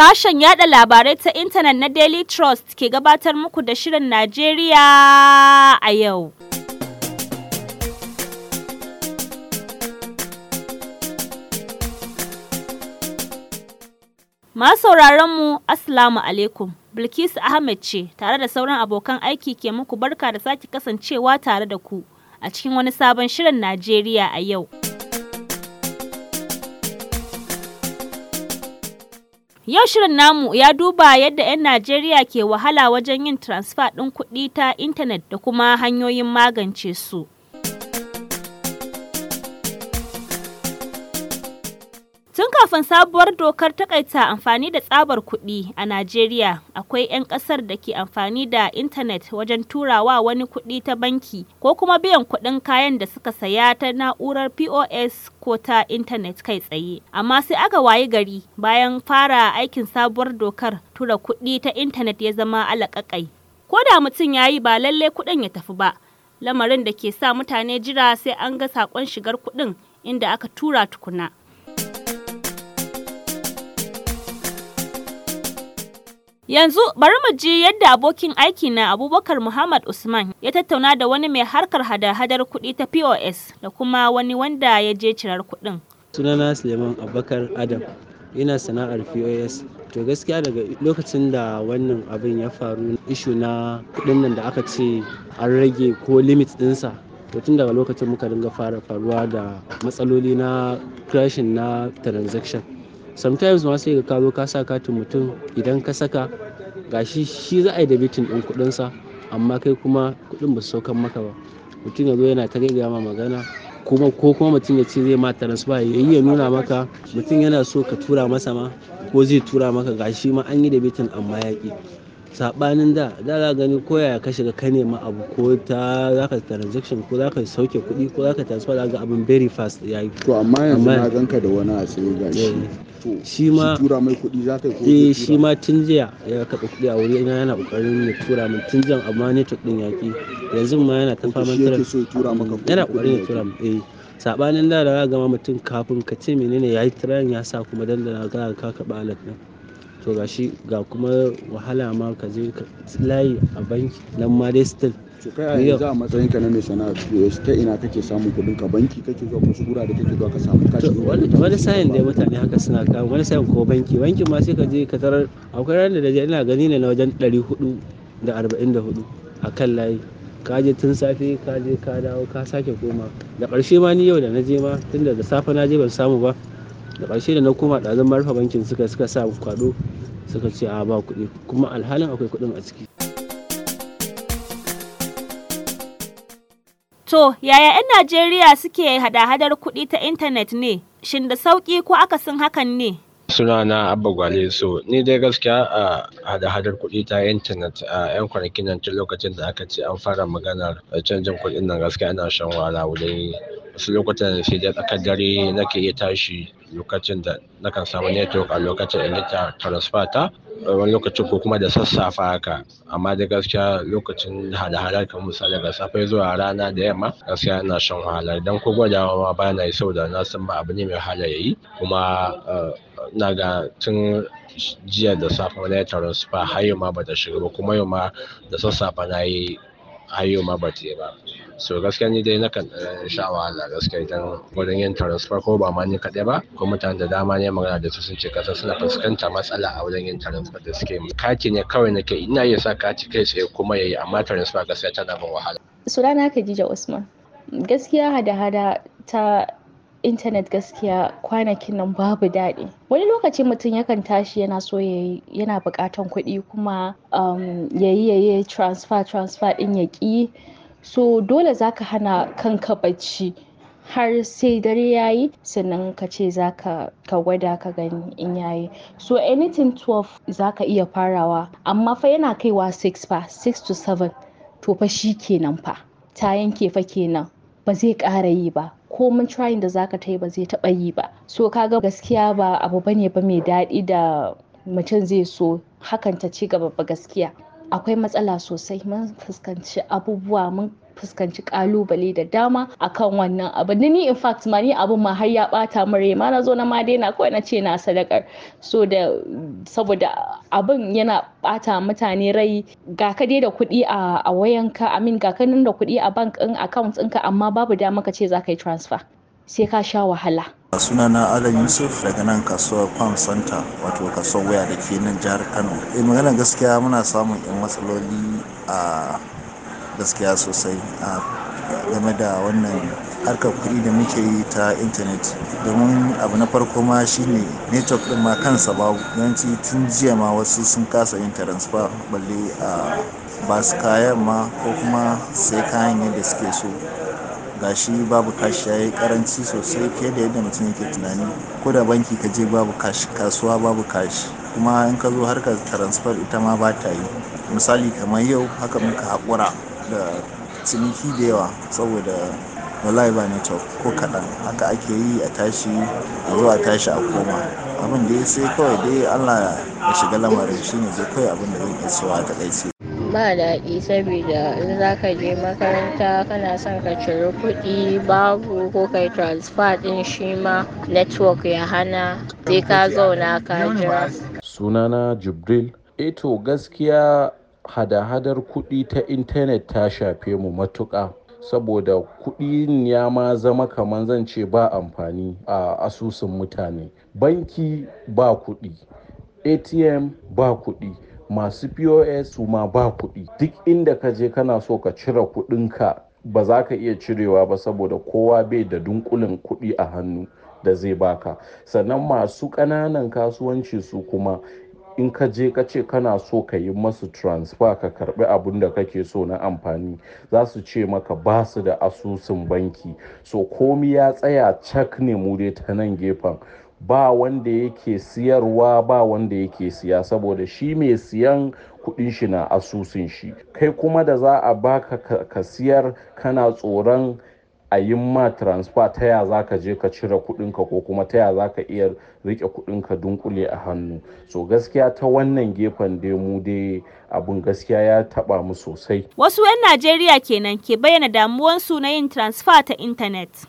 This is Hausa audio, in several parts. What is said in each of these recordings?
Sashen yada labarai ta intanet na Daily Trust ke gabatar muku da Shirin Najeriya a yau. mu asalamu alaikum. Bilkisu Ahmed ce tare da sauran abokan aiki ke muku barka da sake kasancewa tare da ku a cikin wani sabon Shirin Najeriya a yau. Yau shirin namu ya duba yadda 'yan Najeriya ke wahala wajen yin transfer ɗin kuɗi ta intanet da kuma hanyoyin magance su. kafin sabuwar dokar takaita amfani da tsabar kuɗi a Najeriya, akwai 'yan ƙasar da ke amfani da intanet wajen turawa wani kuɗi ta banki ko kuma biyan kuɗin kayan da suka saya ta na'urar POS ko ta intanet kai tsaye. Amma sai aka wayi gari bayan fara aikin sabuwar dokar tura kuɗi ta intanet ya zama alaƙaƙai. Ko da mutum ya yi ba lalle kuɗin ya tafi ba, lamarin da ke sa mutane jira sai an ga saƙon shigar kuɗin inda aka tura tukuna. Yanzu bari mu ji yadda abokin aiki na Abubakar Muhammad Usman ya tattauna da wani mai harkar hada-hadar kuɗi ta POS da kuma wani wanda ya je cirar kuɗin. Sunana Suleiman Abubakar Adam yana sana'ar POS. To gaskiya daga lokacin da wannan abin ya faru ishu na kuɗin nan da aka ce an rage ko limit ɗinsa tun daga lokacin muka dinga fara faruwa da matsaloli na crashing na transaction. sometimes ma sai ka zo ka sa katin mutum idan ka saka gashi shi za a yi da bitin ɗin sa amma kai kuma kuɗin ba su saukan maka ba mutum ya zo yana ta gaya ma magana kuma ko kuma mutum ya ce zai ma transfer ya yi ya nuna maka mutum yana so ka tura masa ma ko zai tura maka gashi ma an yi da bitin amma ya ƙi saɓanin da da za gani ko yaya ka shiga ka nema abu ko ta za ka transaction ko za ka sauke kuɗi ko za ka transfer za ga abin very fast ya yi to amma yanzu na ganka da wani a tsaye ga shi eh. to shi ma tura mai kuɗi za ka yi eh shi ma tun jiya ya kaɓa kuɗi a wuri ina yana kokarin ya tura min tun jiya amma network din ki yanzu ma yana ta fama tura yana kokarin ya tura min eh saɓanin da da za ga mutum kafin ka ce menene ya yi tiran ya sa kuma dandana ka ka kaɓa alert din to ga shi ga kuma wahala ma ka je ka layi a banki nan ma dai still to kai a yanzu a matsayin ka na mai sana'a POS ta ina kake samun kudin ka banki kake zuwa wasu sugura da kake zuwa ka samu kashi wani sayan da mutane haka suna kawo wani sayan ko banki banki ma sai ka je ka tarar akwai ranar da ina gani ne na wajen 444 a kan layi ka je tun safe ka je ka dawo ka sake koma da ƙarshe ma ni yau da na je ma tunda da safe na je ban samu ba da ƙarshe da na koma ɗazan marfa bankin suka suka sa kwado suka ce a ba kuɗi kuma alhalin akwai kuɗin a ciki To, yaya 'yan Najeriya suke hada-hadar kuɗi ta intanet ne? Shin da sauƙi ko akasin hakan ne? suna na abba gwale so ni dai gaskiya a hada-hadar kuɗi ta intanet a yan kwanakin nan tun lokacin da aka ce an fara maganar canjin kuɗin nan gaskiya ina shan wahala wurin wasu lokutan sai dai tsakar dare nake iya tashi lokacin da nakan samu network a lokacin in nake transfer ta eh, wani lokacin ko kuma da sassafa haka amma da gaskiya lokacin hada-hadar kan misali daga safe zuwa rana da yamma gaskiya ina shan wahala dan ko gwadawa ma ba na yi da na san ba abu ne mai wahala yi. kuma eh, na ga tun jiya da safe wani taron spa har yau ma ba bata shiga ba kuma yau ma da sassafe na yi har yau ma ba ta ba so gaskiya ni dai nakan sha wahala gaskiya idan wurin yin transfer ko ba ma ni kaɗai ba ko mutane da dama ne magana da su sun ce kasa suna fuskanta matsala a wurin yin transfer da suke kati ne kawai nake ina iya sa kati kai tsaye kuma yayi amma transfer gaskiya tana ban wahala sunana Khadija Usman gaskiya hada-hada ta intanet gaskiya kwanakin nan babu daɗi wani lokaci mutum yakan tashi yana so yana buƙatan kuɗi kuma um, yi yayi yi transfer transfer ɗin ya ƙi so dole za ka hana kanka bacci har sai dare yayi sannan ka ce za ka gwada ka gani in yayi so anything 12 za ka iya farawa amma fa yana kaiwa 6 fa 6 to 7 to fa shi kenan fa ta yanke fa kenan ba zai ƙara yi ba komin trying da zaka ta yi ba zai taɓa yi ba so kaga gaskiya ba abu bane ba mai daɗi da mutum zai so hakan ta ci gaba ba gaskiya akwai matsala sosai mun fuskanci abubuwa mun fuskanci kalubale da dama akan wannan abu ni in fact ma ni abun ma har ya bata min rai ma na zo na ma daina kawai na ce na sadakar so da saboda abun yana bata mutane rai ga ka dai da kuɗi a wayanka amin ga ka nan da kuɗi a bank ɗin account ɗinka amma babu dama ka ce za ka yi transfer sai ka sha wahala sunana alan yusuf daga nan kasuwar farm center wato kasuwar waya da ke nan jihar kano eh maganar gaskiya muna samun yan matsaloli a gaskiya sosai game da wannan harkar kuɗi da muke yi ta intanet domin abu na farko ma shine network ɗin ma kansa babu yawanci tun jiya ma wasu sun kasa yin transfer balle a ba su kayan ma ko kuma sai kayan yadda suke so gashi babu kashi ya yi karanci sosai fiye da yadda mutum yake tunani ko da banki ka je babu kashi kasuwa babu kashi kuma in ka zo harkar transfer ita ma ba ta yi misali kamar yau haka muka haƙura da ciniki da yawa saboda wallahi ba network ko kaɗan haka ake yi a tashi a zo a tashi a koma abin da ya sai kawai dai allah ya shiga lamarin shine zai kawai abin da zan iya cewa a takaice ba daɗi saboda in za ka je makaranta kana son ka ciri kuɗi babu ko kai transfer ɗin shi ma network ya hana sai ka zauna ka jira sunana jibril eto eh gaskiya hada-hadar kuɗi ta intanet ta shafe mu matuƙa saboda kuɗin ya ma zama kamar zan ce ba amfani a asusun mutane banki ba kuɗi atm ba kuɗi masu pos su ma ba kuɗi duk inda ka je kana so ka cire kuɗinka ba za ka iya cirewa ba saboda kowa bai da dunkulin kuɗi a hannu da zai baka sannan masu ƙananan kasuwanci su kuma in ka je ka ce kana so ka yi masu transfer ka karbi abun da kake so na amfani za su ce maka ba su da asusun banki so komi ya tsaya cak ne mu dai ta nan gefen ba wanda yake siyarwa ba wanda yake siya saboda shi mai siyan kudin shi na asusun shi kai kuma da za a baka ka siyar kana tsoron a yi ma transfer ta ya za ka je ka cire kuɗinka ko kuma ta ya za ka iya rike kudinka dunkule a hannu so gaskiya ta wannan gefen dai mu dai abun gaskiya ya taba mu sosai wasu 'yan najeriya kenan ke bayyana damuwansu na yin transfer ta intanet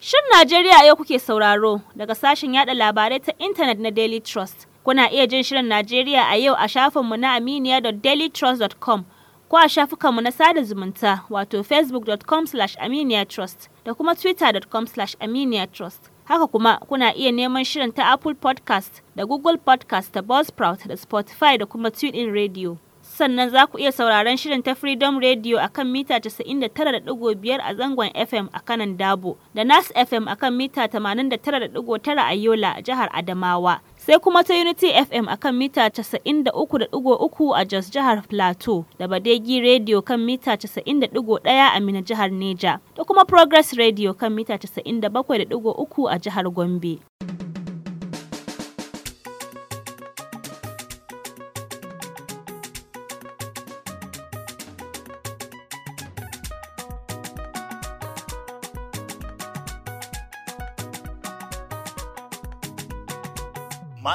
Shin Najeriya yau kuke sauraro daga sashen yada labarai ta intanet na Daily Trust. Kuna iya jin shirin Najeriya a yau a shafinmu na aminiya.dailytrust.com ko a shafukanmu na sada zumunta wato facebookcom trust da kuma twittercom trust Haka kuma kuna iya neman shirin ta Apple podcast da Google podcast da Buzzsprout da Spotify da kuma TuneIn Radio. sannan za ku iya sauraron shirin ta Freedom Radio a kan mita 99.5 a zangon FM a kanan Dabo, da Nas FM a kan mita 89.9 a Yola, a jihar Adamawa, sai kuma ta Unity FM a kan mita 93.3 a Jos jihar Plateau da Badegi Radio kan mita 90.1 a Mina jihar Neja da kuma Progress Radio kan mita 97.3 a jihar Gombe.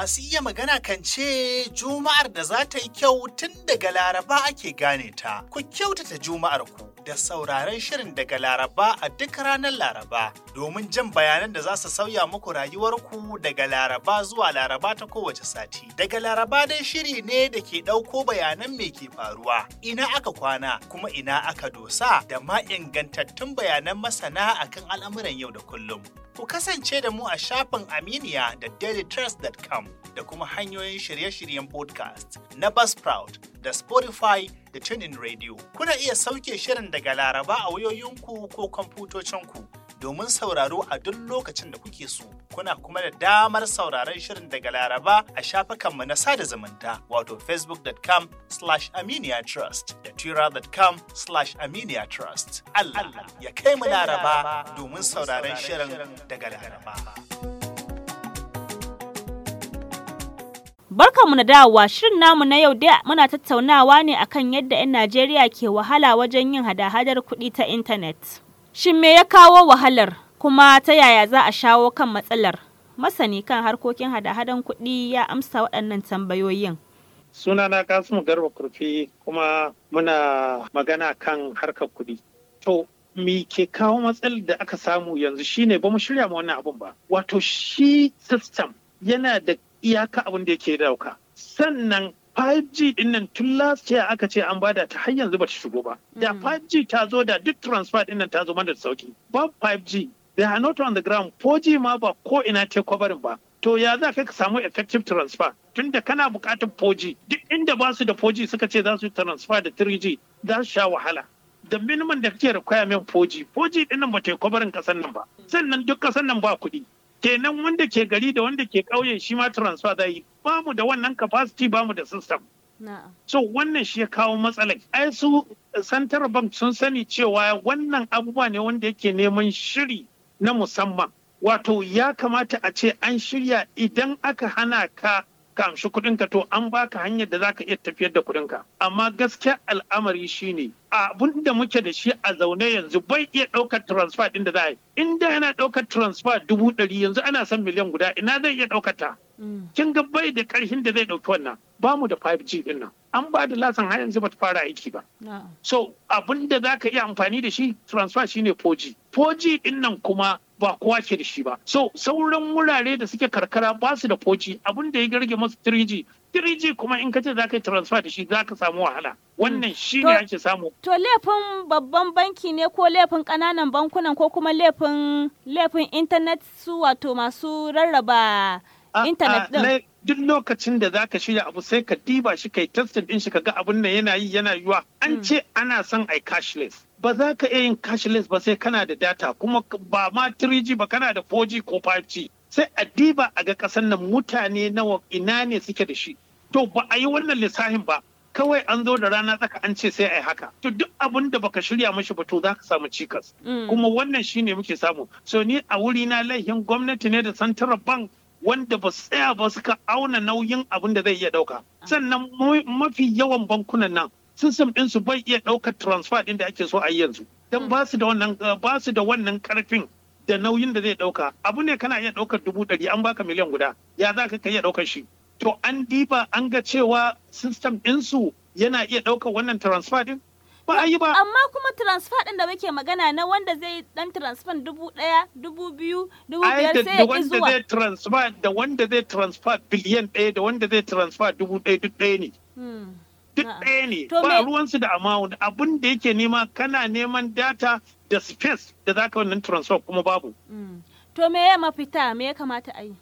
masu iya magana kan ce Juma'ar da za ta yi kyau tun daga Laraba ake gane ta, ku kyautata Juma'ar ku. da sauraron shirin daga Laraba a duk ranar Laraba domin jin bayanan da za su sauya muku rayuwarku daga Laraba zuwa Laraba ta kowace sati. Daga Laraba dai shiri ne da ke ɗauko bayanan me ke faruwa, ina aka kwana kuma ina aka dosa da ma ingantattun bayanan masana akan al'amuran yau da kullum. Ku kasance da mu a shafin Aminiya da dailytrust.com da kuma hanyoyin shirye-shiryen podcast na Buzzsprout da Spotify da TuneIn Radio. Kuna iya sauke shirin daga Laraba a wayoyinku ko kwamfutocinku domin sauraro a duk lokacin da kuke so. Kuna kuma da damar sauraron shirin daga Laraba a shafukanmu na sada zumunta wato facebook.com slash aminiya trust da twitter.com slash aminiya trust. Allah ya kai mu Laraba domin sauraron shirin daga Laraba. Barkanmu na dawowa shirin namu na yau dai muna tattaunawa ne akan yadda 'yan Najeriya ke wahala wajen yin hada-hadar kuɗi ta intanet. Shin me ya kawo wahalar kuma ta yaya za a shawo kan matsalar? Masani kan harkokin hada-hadan kuɗi ya amsa waɗannan tambayoyin. Sunana Kasimu Garba Kurfi kuma muna magana kan harkar kuɗi. To, me ke kawo matsalar da aka samu yanzu shine ba mu shirya ma wannan abun ba. Wato shi system yana da iyaka abin da yake dauka sannan 5G din nan tun last year aka ce an bada ta hanyar zuba ta shigo ba. Da 5G mm. ta zo da duk transfer din nan ta zo mana da sauki. Ba 5G, they are not on the ground. 4G ma ba ko ina ta kwabarin ba. To ya za ka samu effective transfer? tun da kana bukatar 4G, duk inda ba su da 4G suka ce za su transfer da 3G za su sha wahala. Da minimum da kake requirement 4G, 4G din nan ba ta kwabarin kasan nan ba. Sannan duk kasan nan ba kuɗi. kenan wanda ke gari da wanda ke ƙauye shi ma transfer za yi ba mu da wannan capacity ba mu da system so wannan shi ya kawo matsalar. ai su uh, central bank sun sani cewa wannan abubuwa ne wanda yake neman shiri na musamman wato ya kamata a ce an shirya idan aka hana ka ka amshi kudinka to an baka hanyar da zaka iya tafiyar da ka. amma gaskiya al'amari shine abun da muke da shi a zaune yanzu bai iya ɗaukar transfer din da za yi in da yana ɗaukar transfer dubu ɗari yanzu ana son miliyan guda ina zai iya ɗaukar ta mm. kin ga bai da ƙarfin da zai ɗauki wannan bamu da 5G ɗin nan an ba da lasan har yanzu ta fara aiki ba. So abin da za ka iya amfani da shi transfer shine 4G. 4G din nan kuma ba kowa ke da shi ba. So sauran wurare da suke karkara ba su da 4G abin da ya garge masu 3G. 3G kuma in ka ce za ka yi transfer da shi za ka samu wahala. Wannan hmm. shi ne ake samu. To laifin babban banki ne ko laifin ƙananan bankunan ko kuma laifin laifin intanet su wato masu rarraba ah, intanet din. Ah, duk lokacin da za ka shirya abu sai ka diba shi kai testin din shi ka ga abin nan yana yi yana yiwa an hmm. ce ana son ai cashless ba za ka iya yin cashless ba sai kana da data kuma ba ma 3G ba kana da 4G ko 5G sai a diba a ga kasan nan mutane nawa ina ne suke da shi to ba a yi wannan lissafin ba kawai an zo da rana tsaka an ce sai a haka to duk abin da baka shirya mashi ba to za ka samu cikas hmm. kuma wannan shine muke samu so ni a wuri na laihin gwamnati ne da central bank wanda ba su tsaya ba suka auna nauyin abin da zai iya dauka ah. sannan mafi yawan bankunan nan sistem din su bai iya ɗaukar transfer din da ake so a yanzu dan hmm. ba su da wannan eh, ba su da wannan karfin da nauyin da zai dauka abu ne kana iya daukar dubu ɗari an baka miliyan guda ya za ka iya daukar shi to an diba an ga cewa sistem din su yana iya ɗaukar wannan transfer din ba a yi ba amma kuma transfer din da muke magana na wanda zai ɗan transfer dubu daya dubu biyu dubu biyar sai ya ƙi zuwa zai transfer da wanda zai transfer biliyan daya da wanda zai transfer dubu daya duk daya ne hmm. duk daya ne ba ruwansu da amount abin da yake nema kana neman data da space da za ka wannan transfer kuma babu hmm. to me ya mafita me ya kamata a yi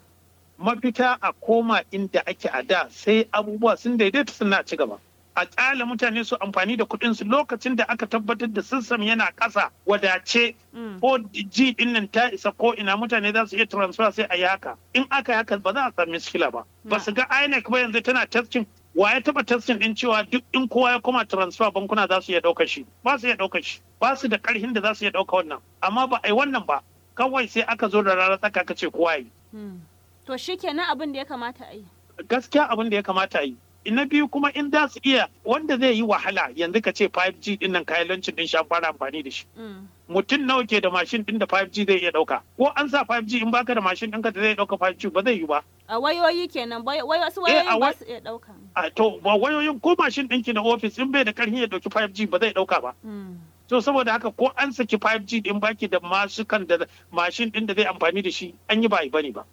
mafita a koma inda ake a da sai abubuwa sun daidaita suna ci gaba a ƙyale mutane su amfani da kuɗinsu. su lokacin da aka tabbatar da sistem yana ƙasa wadace mm. ko ji din nan ta isa ko ina mutane za su iya transfer sai a yi haka in aka yi haka ba za a sami sikila ba ba su ga INEC ba yanzu tana testing wa ya taba testing din cewa duk in kowa ya koma transfer bankuna za su iya ɗauka shi ba su iya ɗauka shi ba su da ƙarhin da za su iya ɗauka wannan amma ba a yi wannan ba kawai sai aka zo da rana tsaka ka ce kowa yi. Hmm. to shi kenan abin da ya kamata a yi. gaskiya abin da ya kamata a yi na biyu kuma in za su iya wanda zai yi wahala yanzu ka ce 5G din nan kayan lancin din shan fara amfani da shi mm. mutum nawa ke da mashin din da 5G zai iya dauka ko an sa 5G in baka da mashin ɗinka da zai dauka 5G ba zai yi ba a wayoyi kenan wasu wayoyin eh, ba su iya dauka a to ba wayoyin ko mashin ɗinki na ofis in bai da karhin ya dauki 5G ba zai dauka ba mm. to saboda haka ko an saki 5G din baki da masu kan da mashin din da zai amfani da shi an yi ba yi bane ba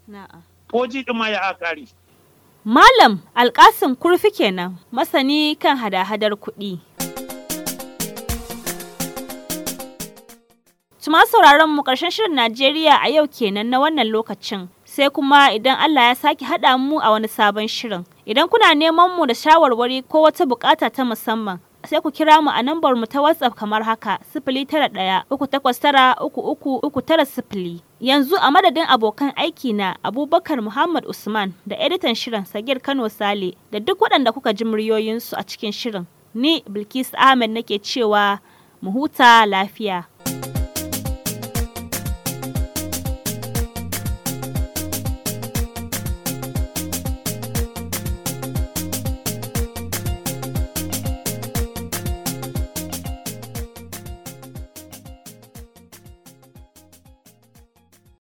4G din ma ya ƙari. Malam Alkasim Kurfi kenan masani kan hada-hadar kuɗi. Tuma sauraron mu ƙarshen shirin Najeriya a yau kenan na wannan lokacin. Sai kuma idan Allah ya sake haɗa mu a wani sabon shirin. Idan kuna neman mu da shawarwari ko wata buƙata ta musamman, sai ku kira mu a nambar mu ta WhatsApp kamar haka sifili tara ɗaya uku takwas uku uku uku tara sifili. Yanzu a madadin abokan aiki na Abubakar Muhammad Usman da editan shirin Sagir Kano Sale da duk waɗanda kuka ji muryoyinsu a cikin shirin. Ni Bilkis Ahmed nake cewa mu huta lafiya.